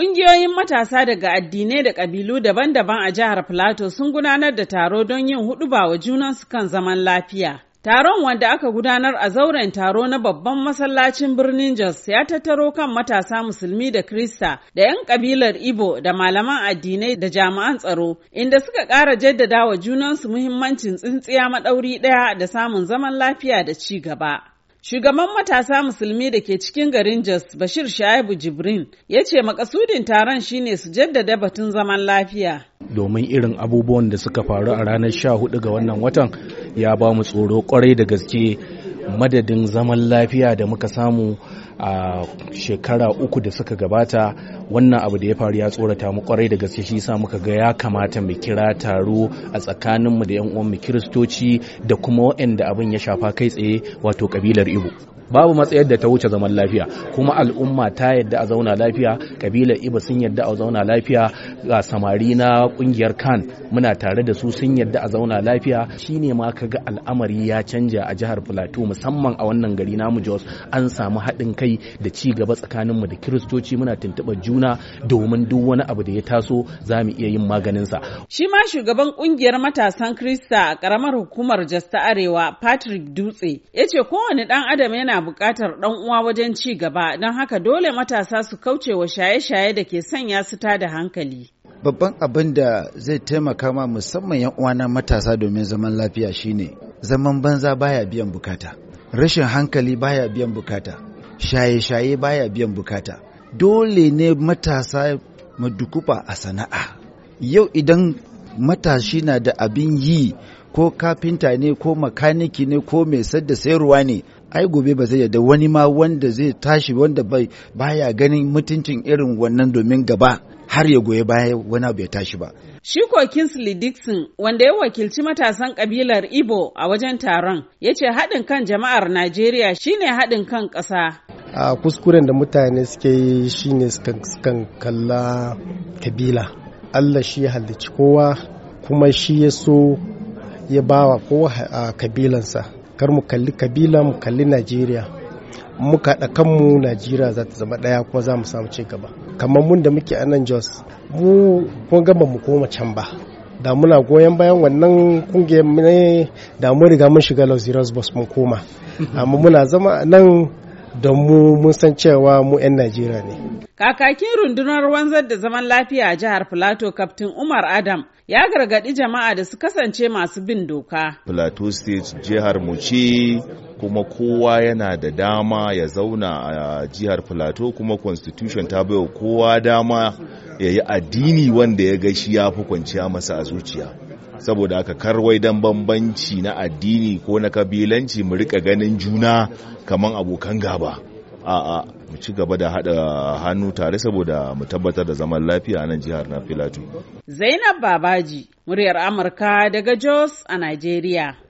Ƙungiyoyin matasa daga addinai da ƙabilu daban-daban a jihar Filato sun gudanar da taro don yin huɗuba wa junansu kan zaman lafiya. Taron wanda aka gudanar a zauren taro na babban masallacin birnin Jos ya tattaro kan matasa musulmi da Krista da 'yan ƙabilar Ibo da malaman addinai da jami'an tsaro inda suka ƙara jaddada wa junansu muhimmancin tsintsiya maɗauri ɗaya da samun zaman lafiya da ci gaba. Shugaban matasa musulmi da ke cikin garin Jos Bashir Shaibu Jibrin ya ce makasudin taron shine su jaddada batun zaman lafiya. Domin irin abubuwan da suka faru a ranar 14 ga wannan watan ya ba mu tsoro kwarai da gaske madadin zaman lafiya da muka samu a shekara uku da suka gabata wannan abu da ya faru ya tsorata mu kwarai da gaske shi sa muka ga ya kamata mu kira taro a tsakaninmu da 'yan uwan mu kiristoci da kuma waɗanda abin ya shafa kai tsaye wato kabilar ibo babu matsayar da ta wuce zaman lafiya kuma al'umma ta yadda a zauna lafiya kabilar Ibo sun yadda a zauna lafiya ga samari na kungiyar kan muna tare da su sun yadda a zauna lafiya shine ma kaga al'amari ya canja a jihar plateau musamman a wannan gari namu jos an samu haɗin kai da ci gaba mu da kiristoci muna tuntuɓar juna domin duk wani abu da ya taso za mu iya yin maganin sa shi ma shugaban kungiyar matasan krista a karamar hukumar Jasta arewa patrick dutse yace kowane ɗan adam yana ana buƙatar ɗan uwa wajen ci gaba don haka dole matasa su kauce wa shaye-shaye da ke sanya su da hankali. Babban abin da zai taimaka ma musamman 'yan uwana matasa domin zaman lafiya shine zaman banza baya biyan bukata, rashin hankali baya biyan bukata, shaye-shaye baya biyan bukata. Dole ne matasa madukufa a sana'a. Yau idan matashi na da abin yi ko kafinta ne ko makaniki ne ko mai sadda sayarwa ne ai gobe ba zai yadda wani ma wanda zai tashi wanda bai baya ganin mutuncin irin wannan domin gaba har ya goye baya wani abu ya tashi ba. Shi ko Kinsley Dixon wanda ya wakilci matasan kabilar Igbo a wajen taron ya ce haɗin kan jama'ar Najeriya shine haɗin kan ƙasa. A kuskuren da mutane suke yi shine sukan kalla kabila. Allah shi ya halicci kowa kuma shi ya so ya bawa kowa a kabilansa. kar mu kalli kabila mu kalli najeriya muka da kanmu najeriya za ta zama ɗaya kuma za mu samu ci gaba kamar mun da muke a nan jos mu kun gaba mu koma can ba da muna goyon bayan wannan kungiyar ne da mun riga mun shiga los mun koma amma muna zama nan don mu mun san cewa mu 'yan Najeriya ne. Kakakin rundunar wanzar da zaman lafiya a jihar Filato Kaftin Umar Adam ya gargaɗi jama'a da su kasance masu bin doka. Filato State jihar mu ce kuma kowa yana da dama ya zauna a jihar Filato kuma Constitution ta baiwa kowa dama ya yi addini wanda ya ga shi ya fi kwanciya masa a zuciya. saboda haka karwai dan bambanci na addini ko na kabilanci mu rika ganin juna kaman abokan gaba a'a mu ci gaba da hada hannu tare saboda mu tabbatar da zaman lafiya a nan jihar na Filato. Zainab Babaji, muryar Amurka daga Jos a Najeriya.